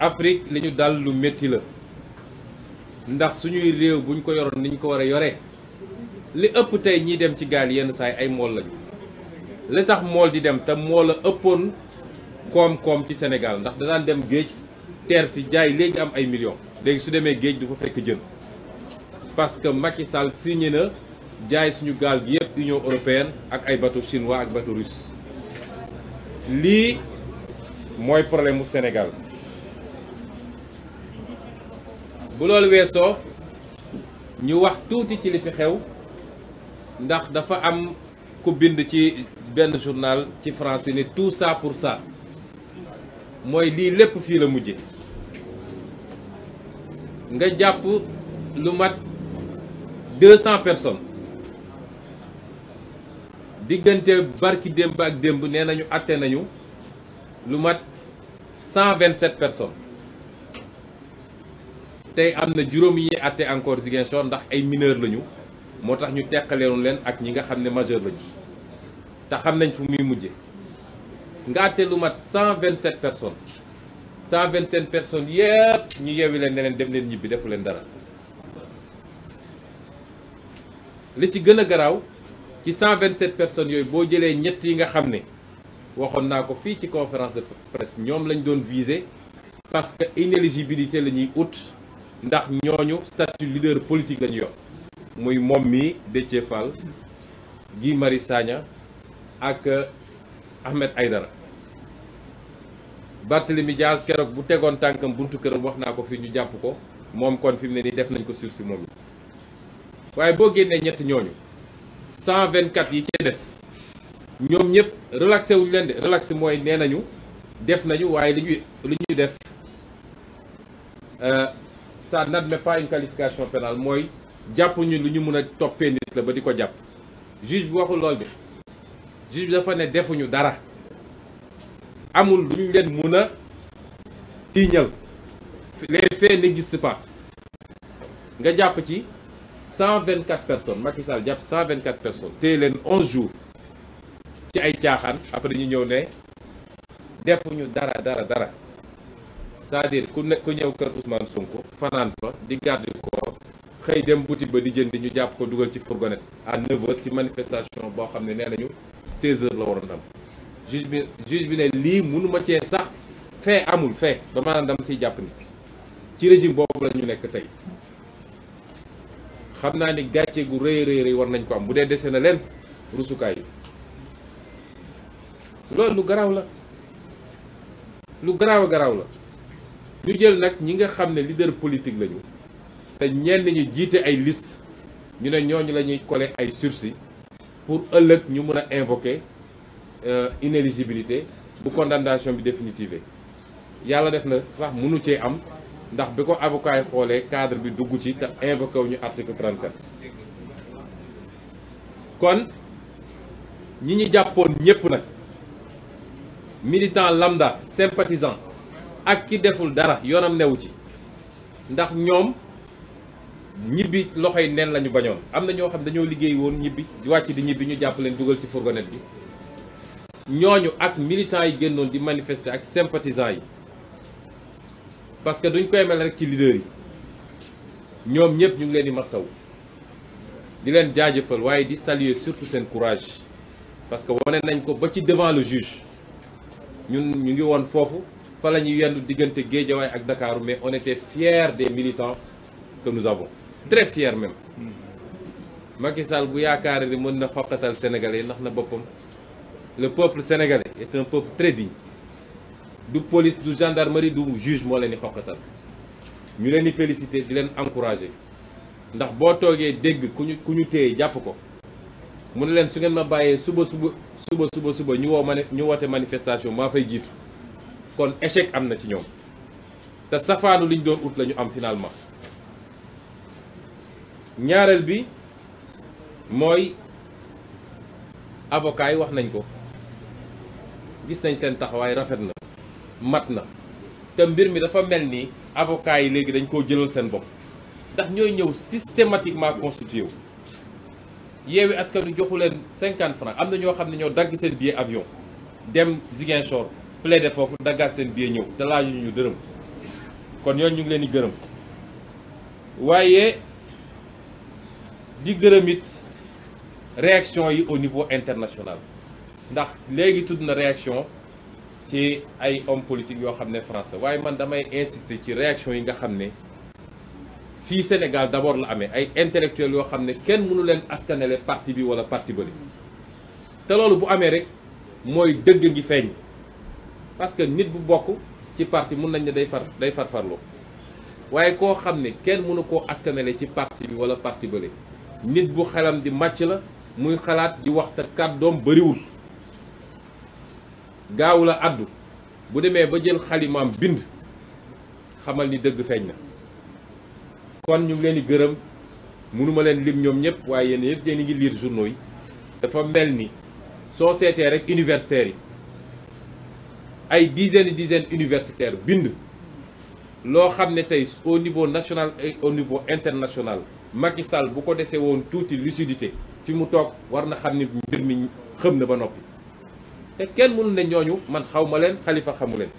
Afrique li ñu dal lu métti la ndax suñuy réew buñ ko yoroon niñ ko war yore li ëpp tey ñiy dem ci gaal yenn saay ay mool lañu li tax mool di dem te moola ëppoon koom-koom ci senegal ndax da daan dem géej teer si jaay léegi am ay millions léegi su demee géej du fa fekk jën parce que Macky Sall signé na jaay suñu gaal gi yëpp Union européenne ak ay bateau chinois ak bateau russe lii mooy problème mu Sénégal bu loolu weesoo ñu wax tuuti ci li fi xew ndax dafa am ku bind ci benn journal ci français ni tout ça pour ça mooy lii lépp fii la mujje nga jàpp lu mat deux cent personnes diggante barki démb ak démb nee nañu atte nañu lu mat cent vingt sept personnes tey am na juróom yi àtte encore Ziguinchor ndax ay mineur lañu moo tax ñu teqaleeroon leen ak ñi nga xam ne majeur lañu te xam nañ fu muy mujje nga àtte lu mat 127 personnes 127 personnes yëpp ñu yeewi leen ne leen dem leen ñibbi defu leen dara li ci gën a garaaw ci 127 personnes yooyu boo jëlee ñett yi nga xam ne waxoon naa ko fii ci conférence de presse ñoom lañ doon viser parce que inéligibilité la ñuy ut ndax ñooñu statut leader politique lañu ñu yor muy moom mi Déthié Fall gi Marius Sagna ak euh, Ahmed Aydara Barthélemy Dias keroog bu tegoon tànkam buntu këram wax naa ko fi ñu jàpp ko moom kon fi mu ne nii def nañ ko sursis moom it waaye boo génnee ñett ñooñu 124 yi ci des ñoom ñëpp relaxé wuñu leen de relaxé mooy nee nañu def nañu waaye li ñu li ñuy def. Euh, ça n'admet pas une qualification pénale mooy jàpp ñu lu ñu mën a toppee nit la ba di ko jàpp juge bi waxu lool de juge bi dafa ne defuñu dara amul lu ñu leen mën a tiiñal les faits n'existent pas nga jàpp ci cent 124 personnes Macky Sall jàpp 124 personnes téye leen 11 jours ci ay caaxaan après ñu ñëw ne ñu dara dara dara saa à ku ne ku ñëw kër Ousmane Sonko fanaan fa di garde corps xëy dem boutique ba di jëndi ñu jàpp ko dugal ci fourgonnette à 9 ci manifestation boo xam ne nee nañu 16h la waroon am juge bi juge bi ne lii mënu ma cee sax fee amul fee dama naan dama siy jàpp nit ci régime boobu la ñu nekk tey xam naa ni gàcce gu rëy rëy rëy war nañ ko am bu dee dese na leen rusukaay yi loolu lu garaaw la lu garaaw a garaaw la. ñu jël nag ñi nga xam ne leader politique lañu te ñenn ñi jiite ay liste ñu ne ñooñu la ñuy coller ay sursis pour ëllëg ñu mën a invoquer euh, inéligibilité bu condamnation bi définitive yàlla def na sax mënu cee am ndax bi ko avocat yi xoolee cadre bi dugg ci te invoqué wu ñu article 34 kon ñi ñu jàppoon ñépp nag militant lambda sympathisant ak ki deful dara yoonam newu ci ndax ñoom ñibbi loxo yi nen ñu bañoon am na ñoo xam dañoo liggéey woon ñibbi wàcc di ñibbi ñu jàpp leen dugal ci fourgonnette bi ñooñu ak militants yi génnoon di manifester ak sympathisants yi parce que duñ koy mel rek ci leader yi ñoom ñëpp ñu ngi leen di masaw di leen jaajëfal waaye di saluer surtout seen courage parce que wane nañ ko ba ci devant le juge ñun ñu ngi woon foofu fa la ñuy diggante Guédiawaye ak Dakar mais on était de des militants que nous avons très fiers même hmm. Macky Sall bu yaakaare ni mën na xoqatal sénégalais ndax na boppam le peuple sénégalais est un peuple très digne du police du gendarmerie du juge moo leen di xoqatal ñu leen di féliciter di leen encourager ndax boo toogee dégg ku ñu ku ñu téye jàpp ko mu ne leen su ngeen ma bàyyee suba suba suba suba suba ñu woo mani ñu woote manifestation maa fay jiitu kon échec am na ci ñoom te safaanu liñ doon ut lañu ñu am finalement ñaareel bi mooy avocat yi wax nañ ko gis nañ seen taxawaay rafet na mat na te mbir mi dafa mel ni avocat yi léegi dañ koo jëlal seen bopp ndax ñooy ñëw systématiquement constitué wu yeewi askan wi joxu leen cinquante francs am na ñoo xam ne ñoo dagg seen billet avion dem Ziguinchor plaider foofu daggaat seen biir ñëw dalaa laajuñu ñu dërëm kon yoon ñu ngi leen di gërëm waaye di gërëm it réaction yi au niveau international ndax léegi tudd na réaction ci ay homme politique yoo xam ne français waaye man damay insister ci réaction yi nga xam ne fii Sénégal d'abord la amee ay intellectuels yoo xam ne kenn mënu leen askanele parti bi wala parti bële te loolu bu amee rek mooy dëgg ngi feeñ parce que nit bu bokk ci parti mun nañ ne day far day farfarloo waaye koo xam ne kenn mënu koo askanale ci parti bi wala parti bële nit bu xelam di màcc la muy xalaat di wax te kàddoom bariwul gaaw la àddu bu demee ba jël xalimaam bind xamal ni dëgg feeñ na kon ñu leen di gërëm mënuma leen lim ñoom ñëpp waaye yéen yëpp yéen ngi liir journaux yi dafa mel ni soo seetee rek universitaires yi ay dizaines et dizaines universitaires bind loo xam ne tey au niveau national et au niveau international Macky Sall bu ko desee woon tuuti lucidité fi mu toog war na xam nit mbir mi xëm na ba noppi te kenn mënu ne ñooñu man xaw ma leen xalifa xamu leen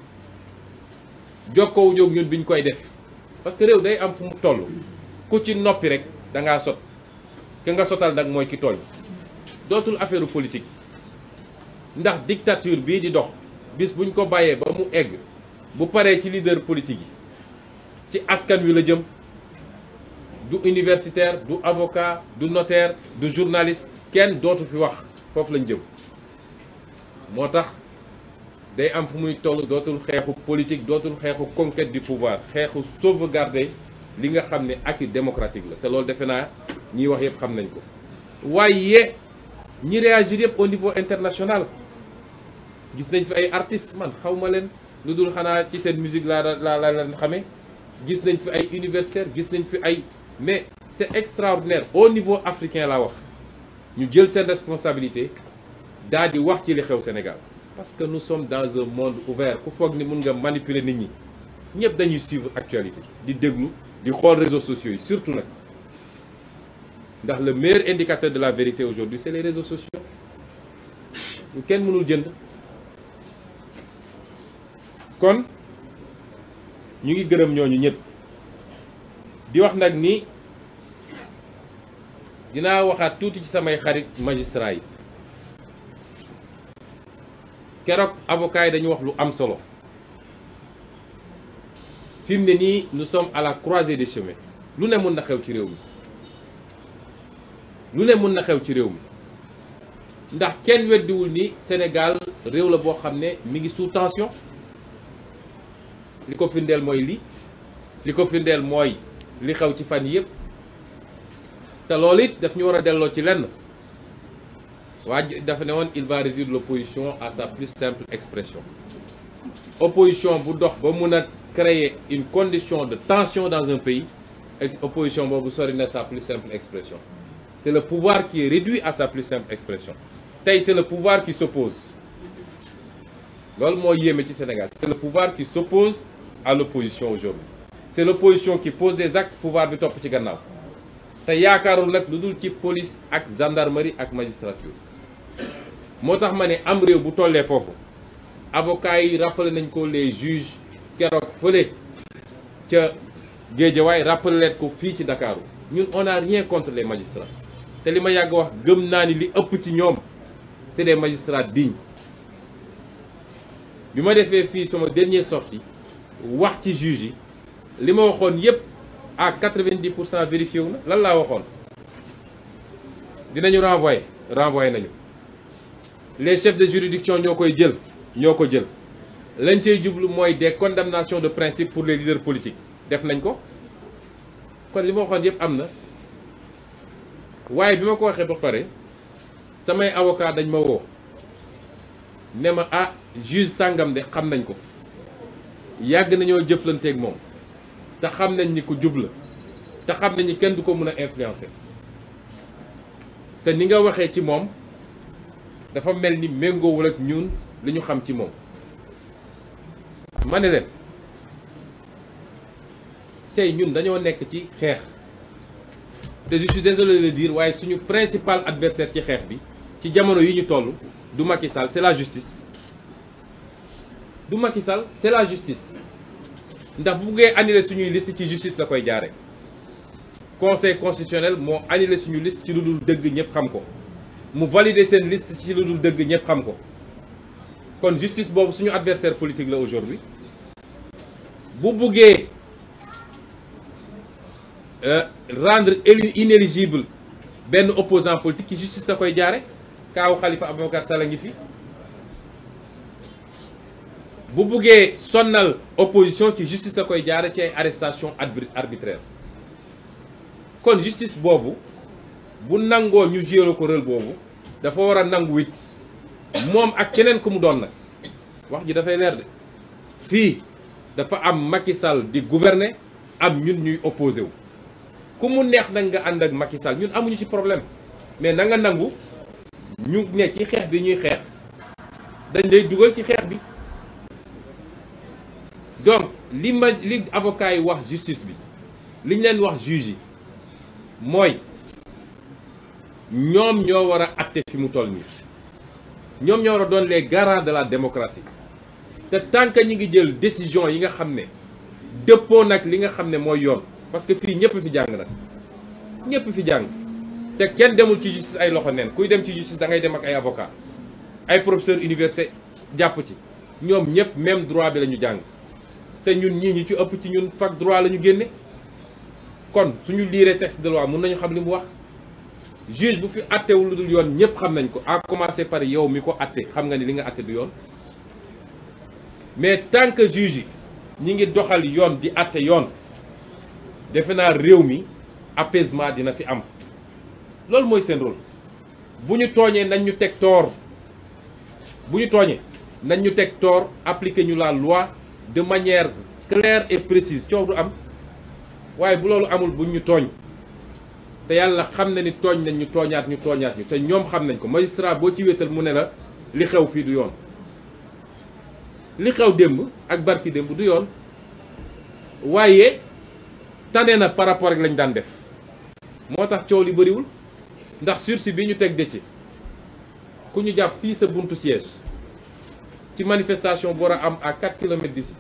jokkoo jóg ñun bi ñu koy def parce que réew day am fu mu toll ku ci noppi rek da ngaa sot ki nga sotal nag mooy ki tooñ dootul affaire politique ndax dictature bii di dox. bis buñ ko bàyyee ba mu egg bu paree ci leader politique yi ci askan wi la jëm du universitaire du avocat du notaire du journalist kenn dootu fi wax foofu lañ jëm moo tax day am fu muy toll dootul xeexu politique dootul xeexu conquête du pouvoir xeexu sauvegarder li nga xam ne aki démocratique la te loolu defe naa ñiy wax yëpp xam nañ ko waaye ñi réagir yëpp au niveau international gis nañ fi ay artistes man xaw ma leen lu dul xanaa ci seen musique laa laa laa leen xamee gis nañ fi ay universitaires gis nañ fi ay mais c'est extraordinaire au niveau africain laa wax ñu jël seen responsabilité daal di wax ci li xew Sénégal parce que nu sommes dans un monde ouvert ku foog ni mun nga manipuler nit ñi ñëpp dañuy suivre actualité di déglu di xool réseaux sociaux yi surtout nag ndax le meilleur indicateur de la vérité aujourd'hui c'est les réseaux sociaux kenn mënul jënd kon ñu ngi gërëm ñooñu ñëpp di wax nag ni dinaa waxaat tuuti ci samay xarit magistrat yi keroog avocat yi dañu wax lu am solo fi ne nii nous sommes à la croisée des chemins lu ne mun na xew ci réew mi lu ne mun na xew ci réew mi ndax kenn weddiwul ni senegal réew la boo xam ne mi ngi sous tension li ko firndeel mooy li li ko firndeel mooy li xew ci fan yëpp te loolu it daf ñu war a delloo ci lenn waa dafa ne woon il va réduire l'opposition à sa plus simple expression opposition bu dox ba mun a créer une condition de tension dans un pays opposition boobu sori na sa plus simple expression c'est la pouvoir qui est réduit à sa plus simple expression tey c'est le pouvoir qui s'oppose loolu moo yéeme ci Sénégal c'est le pouvoir qui s'oppose à l'opposition aujourd'hui c'est l'opposition ki pose des actes pouvoir bi topp ci gannaaw te yaakaarul nag lu dul ci police ak gendarmerie ak magistrature moo tax ma ne am réew bu tollee foofu avocats yi rappelé nañ ko les juges keroog fële ca Géejawaay rappelé leen ko fii ci Dakar ñun on a rien contre les te li ma yàgg wax gëm naa ni li ëpp ci ñoom c'est des magistrats dignes bi ma defee fii sama dernière sortie wax ci juge yi li ma waxoon yépp à 90 pour cent vérifié wu na lan laa waxoon dinañu renvoyer renvoyer nañu les chefs de juridiction ñoo koy jël ñoo ko jël lañ cey jublu mooy des condamnations de principe pour les leaders politiques def nañ ko kon li ma waxoon yépp am na waaye bi ma ko waxee ba pare samay avocat dañ ma woo ne ma ah juge sàngam de xam nañ ko yàgg nañoo jëflanteeg moom te xam nañ ni ku jub la te xam nañ ni kenn du ko mën a influencer te ni nga waxee ci moom dafa mel ni méngoowul ak ñuun li ñu xam ci moom ma ne tey ñun dañoo nekk ci xeex te je suis désolé de dire waaye suñu principal adversaire ci xeex bi ci jamono yi ñu toll du Macky Sall c'est la justice du Macky Sall c'est la justice ndax bu buggee annuler suñuy liste ci justice la koy jaare conseil constitutionnel moo annulé suñu list ci lu dul dëgg ñëpp xam ko mu valider seen list ci lu dul dëgg ñëpp xam ko kon justice boobu suñu adversaire politique la aujourd'hui bu buggee euh, rendre élu inéligible benn opposant politique ci justice la koy jaare kaaw xalifa Ababacar Sall a ngi fi bu buggee sonnal opposition ci justice la koy jaare ci ay arrestation arbitraire kon justice boobu bu nangoo ñu gérer ko rël boobu dafa war a nangu it moom ak keneen ku mu doon nag wax ji dafay leer de fii dafa am Macky Sall di gouverner am ñun ñuy opposé wu ku mu neex nag nga ànd ak Macky Sall ñun amuñu ci problème mais na nga nangu ñu ne ci xeex bi ñuy xeex dañ lay dugal ci xeex bi donc li ma li avocat yi wax justice bi li ñu leen wax juge yi mooy ñoom ñoo war a atte fi mu toll nii ñoom ñoo war a doon les garants de la démocratie te tant que ñi ngi jël décision yi nga xam ne dëppoo nag li nga xam ne mooy yoon parce que fii ñëpp fi jàng nag ñëpp fi jàng te kenn demul ci justice ay loxo neen kuy dem ci justice da ngay dem ak ay avocat ay professeur université jàpp ci ñoom ñëpp même droit bi la ñu jàng te ñun ñii ñi ci ëpp ci ñun fac droit la ñu génne kon suñu liiree texte de loi mun nañu xam li mu wax juge bu fi attewul lu dul yoon ñëpp xam nañ ko à commencer par yow mi ko atte xam nga ni li nga atte du yoon mais tant que juge yi ñi ngi doxal yoon di atte yoon defe naa réew mi apaisement dina fi am loolu mooy seen rôle bu ñu tooñee nañ ñu teg toor bu ñu tooñee nañ ñu teg toor appliquer ñu la loi de manière claire et précise coow du am waaye bu loolu amul buñ ñu tooñ te yàlla xam na ni tooñ nañ ñu tooñaat ñu tooñaat ñu te ñoom xam nañ ko magistrat boo ci wéetal mu ne la li xew fii du yoon li xew démb ak barki démb du yoon waaye tane na par rapport ak lañ daan def moo tax coow li bëriwul ndax sursis bi ñu teg de ku ñu jàpp fii sa buntu siège ci manifestation bu war a am à 4 kilomètres d'ici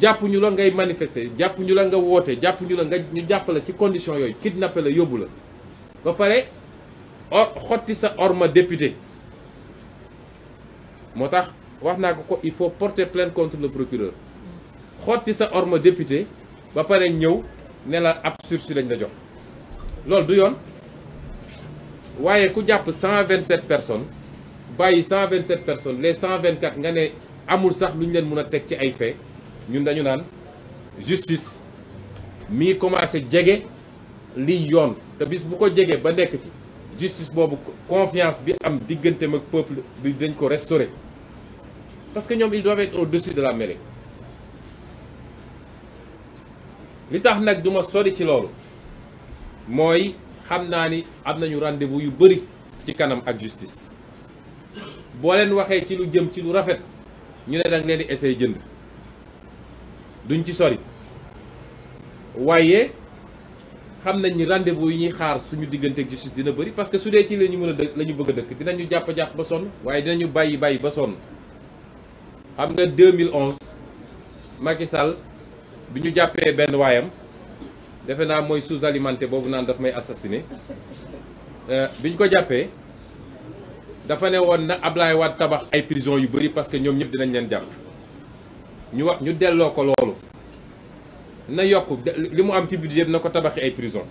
jàpp ñu la ngay manifester jàpp ñu la nga woote jàpp ñu la nga ñu jàpp la ci condition yooyu kidnappé la yóbbu la ba pare xotti sa orma député moo tax wax naa ko ko il faut porter plainte contre le procureur xotti sa orma député ba pare ñëw ne la ab sursis lañ la jox loolu du yoon waaye ku jàpp cent vingt 127 personnes. bàyyi 127 personnes les 124 nga ne amul sax lu ñu leen mën a teg ci ay fait ñun dañu naan justice mii commencé jege lii yoon te bis bu ko jegee ba nekk ci justice boobu confiance bi am digganteem ak peuple bi dañ ko restaurer parce que ñoom ils doivent être au-dessus de la mêlée li tax nag duma sori ci loolu mooy xam naa ni am nañu rendez-vous yu bëri ci kanam ak justice boo leen waxee ci lu jëm ci lu rafet ñu ne danga leen di essayer jënd duñ ci sori waaye xam nañ ni rendez-vous yi ñuy xaar suñu diggante ak justice dina bëri parce que su dee ci la ñu mën a dëkk la ñu bëgg dëkk dinañu jàpp-jàpp ba sonn waaye dinañu bàyyi bàyyi ba sonn xam nga 2011 Macky Sall bi ñu jàppee benn waayam defe naa mooy sous-alimenté boobu naan daf may assassiné euh, bi ñu ko jàppee dafa ne woon na Ablaye Wade tabax ay prison yu bëri parce que ñoom ñëpp dinañ leen jàpp ñu wax ñu delloo ko loolu na yokk li mu am ci budget na ko tabaxi ay prison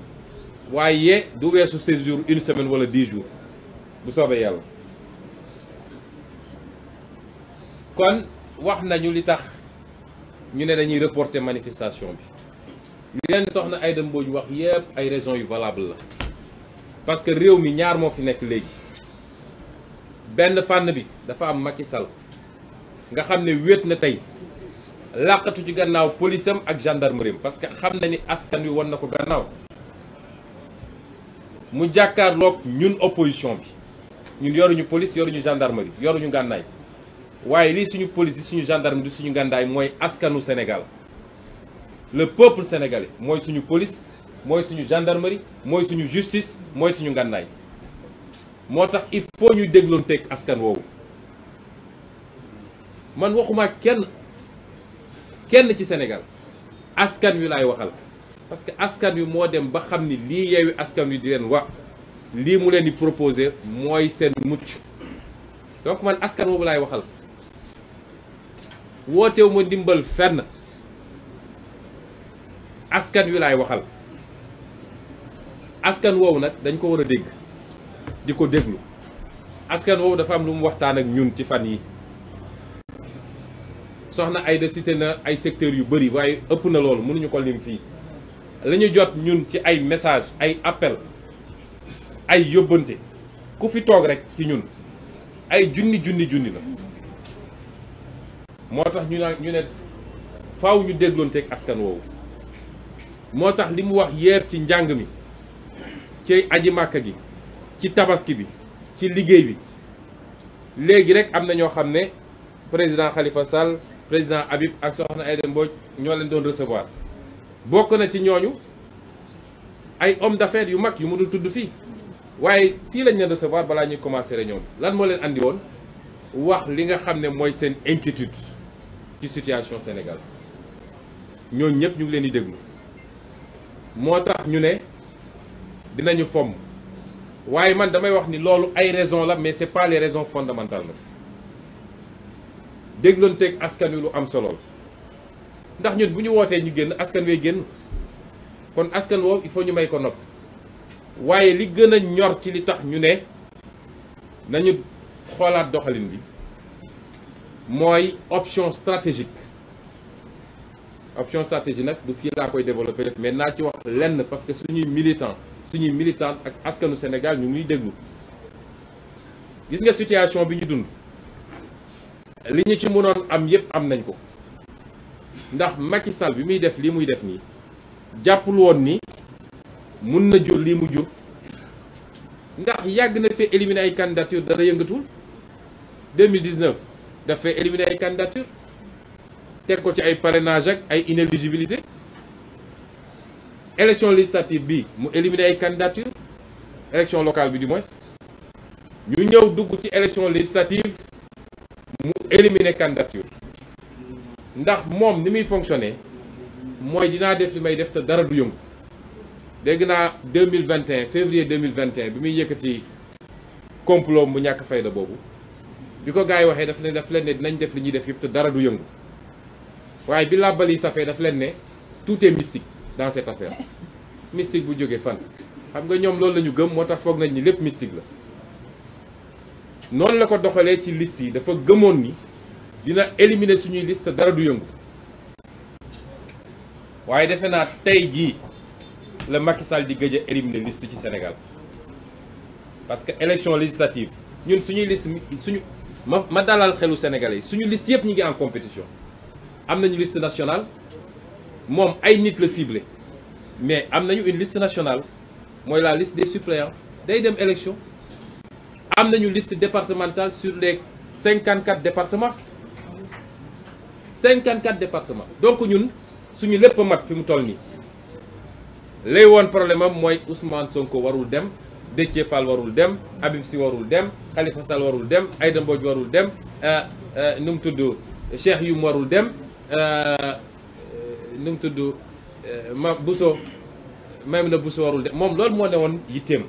waaye du weesu séjour une semaine wala dix jours bu soobee yàlla kon wax nañu li tax ñu ne dañuy reporter manifestation bi li leen soxna Aïda Mbodj wax yëpp ay raisons yu valable la parce que réew mi ñaar moo fi nekk léegi benn fànn bi dafa am Macky Sall nga xam ne wéet na tey làqatu ci gannaaw police ak gendarmerie parce que xam na ni askan wi wan na ko gannaaw mu jàkkaar jàkkaarloog ñun opposition bi ñun yoruñu police yoruñu gendarmerie yoruñu gànnaay waaye lii suñu police di suñu gendarme di suñu gànnaay mooy askanu Sénégal le peuple sénégalais mooy suñu police mooy suñu gendarmerie mooy suñu justice mooy suñu gànnaay moo tax il faut ñuy dégloon teg askan woowu man waxumaa kenn kenn ci senegal askan wi lay waxal parce que askan wi moo dem ba xam ni lii yeewi askan wi di leen wax lii mu leen di proposé mooy seen mucc donc man askan woowu laay waxal wootewu ma ndimbal fenn askan wi laay waxal askan woowu nag dañ ko war a dégg di ko déglu askan woowu dafa am lu mu waxtaan ak ñun ci fan yi soxna Aïda cité na ay secteurs yu bëri waaye ëpp na loolu mënuñu ko lim fii la ñu jot ñun ci ay message ay appel ay yóbbante ku fi toog rek ci ñun ay junni junni junni la moo tax ñu ne ñu ne faaw ñu dégloonteeg askan woowu moo tax li mu wax yeer ci njàng mi ci aji màkka gi ci tabaski bi ci liggéey bi léegi rek am na ñoo xam ne président Khalifa Sall président Habib ak soxna Aïda Mbodj ñoo leen doon recevoir bokk na ci ñooñu ay homme d'affaires yu mag yu mu dul tudd fii waaye fii lañ leen recevoir balaa ñuy commencer réunion lan moo leen andi woon wax li nga xam ne mooy seen inquiétude ci situation Sénégal ñooñu ñëpp ñu leen di déglu moo tax ñu ne dinañu fomm. waaye man damay wax ni loolu ay raison la mais c'est pas les raisons fondamentales la dégloonteeg askan wi lu am solo ndax ñun bu ñu wootee ñu génn askan wee génn kon askan woowu il faut ñu may ko nopp waaye li gën a ñor ci li tax ñu ne nañu xoolaat doxalin bi mooy option stratégique option stratégique nag du fii laa koy développer mais naa ci wax lenn parce que suñuy militant suñu militante ak askanu senegal ñu ngi déglu gis nga situation bi ñu dund li ñu ci mënoon am yépp am nañ ko ndax Macky Sall bi muy def lii muy def nii jàppul woon ni mun na jur lii mu jur ndax yàgg na fee éliminer ay candidature dara yëngatul 2019 daf fee éliminer ay candidature teg ko ci ay parrainage ak ay inéligibilité élection législative bi mu éliminer ay candidature élection locale bi du moins ñu ñëw dugg ci élection législative mu éliminer candidature ndax moom ni muy fonctionner mooy dinaa def li may def te dara du yëngu dégg naa 2021 février 2021 bi muy yëkkati complot mu ñàkk fayda boobu bi ko gars yi waxee daf ne daf leen ne dinañ def li ñuy def yëpp te dara du yëngu waaye bi làbbal yi safee daf leen ne tout est dans cette affaire mystique bu jógee fan xam nga ñoom loolu la ñu gëm moo tax foog nañ ni lépp mystique la noonu la ko doxalee ci liste yi dafa gëmoon ni dina éliminer suñuy liste dara du yëngu waaye defe naa tey jii la Macky Sall di gëj a éliminer liste ci Sénégal parce que élection législative ñun suñuy liste suñu ma ma dalal xelu Sénégalais yi suñu liste yëpp ñu ngi en compétition am nañu liste national moom ay nit la cible mais am nañu une liste nationale mooy la liste des suppléants day dem élection am nañu liste départementale sur les 54 départements 54 départements donc ñun suñu lépp mat fi mu toll nii lay woon problème am mooy Ousmane Sonko warul dem Déthié Fall warul dem Habib si warul dem Khalifa Sall warul dem Aïda Mbodj warul dem euh, euh, nu mu tudd Cheikh Youm warul dem. Euh, nu mu tudd eh, ma Bousso même na Bousso warul de moom loolu moo ne woon yitteem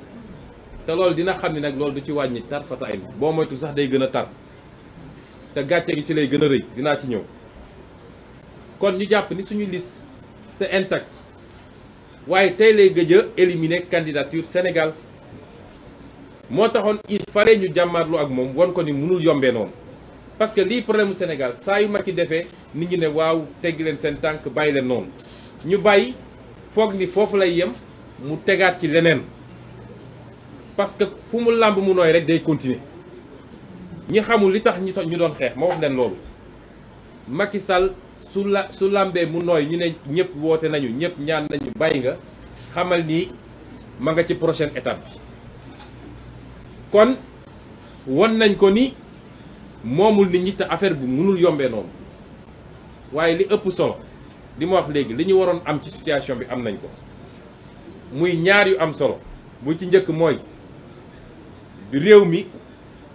te loolu dina xam ni nag loolu du ci wàññi tar fataay boo moytu sax day gën a tar te gàcce gi ci lay gën a rëy dinaa ci ñëw kon ñu jàpp ni suñu liste c'est intact waaye tey lay gëj a éliminer candidature Sénégal moo taxoon it fallait ñu jàmmaarlu ak moom won ko ni mënul yombee noonu parce que lii problème mu Sénégal saa yu Macky defee nit ñi ne waaw teggi leen seen tànk bàyyi leen noonu ñu bàyyi foog ni foofu lay yem mu tegaat ci leneen parce que fu mu làmb mu nooy rek day continuer ñi xamul li tax ñu doon xeex ma wax leen loolu Macky Sall su la su làmbee mu nooy ñu ne ñëpp woote nañu ñëpp ñaan nañu bàyyi nga xamal nii ma nga ci prochaine étape bi kon won nañ ko ni moomul nit ñi te affaire bi munul yombee noonu waaye li ëpp solo li ma wax léegi li ñu waroon am ci situation bi am nañ ko muy ñaar yu am solo bu ci njëkk mooy réew mi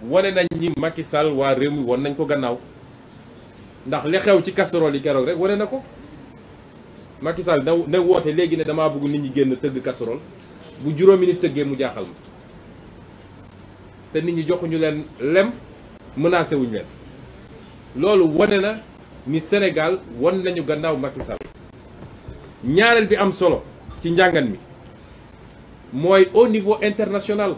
wane nañ ñi Macky Sall waa réew mi wan nañ ko gannaaw ndax li xew ci casserole yi keroog rek wane na ko Macky Sall na na woote léegi ne damaa bëgg nit ñi génn tëgg casserole bu juróomi nit tëggee mu jaaxal ma te nit ñi joxuñu leen lem menacé wuñ leen loolu wane na ni Sénégal wan nañu gannaaw Macky Sall ñaareel bi am solo ci njàngan mi mooy au niveau international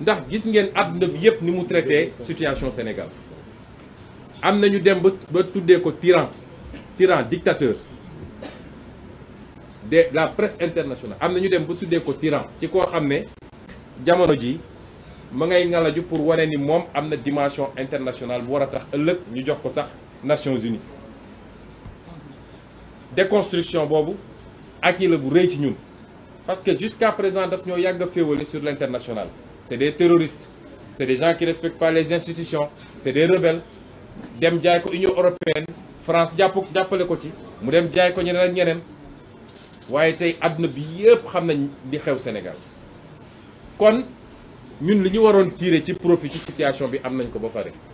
ndax gis ngeen àdduna bi yépp ni mu traité situation Sénégal am nañu dem ba ba tuddee ko tyran tyran dictateur de la presse internationale am na ñu dem ba tuddee ko tyran ci koo xam ne jamono ji ma ngay ngalaju pour wane ni moom am na dimension international bu war a tax ëllëg ñu jox ko sax Nations Unies déconstruction boobu ak yi bu rëy ci ñun parce que jusqu'à présent daf ñoo yàgg a féewale sur l'international c'est des terroristes c'est des gens qui respectent pas les institutions c'est des rebelles dem jaay ko Union européenne France jàpp jàppale ko ci mu dem jaay ko ñeneen ak ñeneen waaye tey àdduna bi yëpp xam nañ di xew Sénégal kon ñun li ñu waroon tirer ci profit ci situation bi am nañ ko ba pare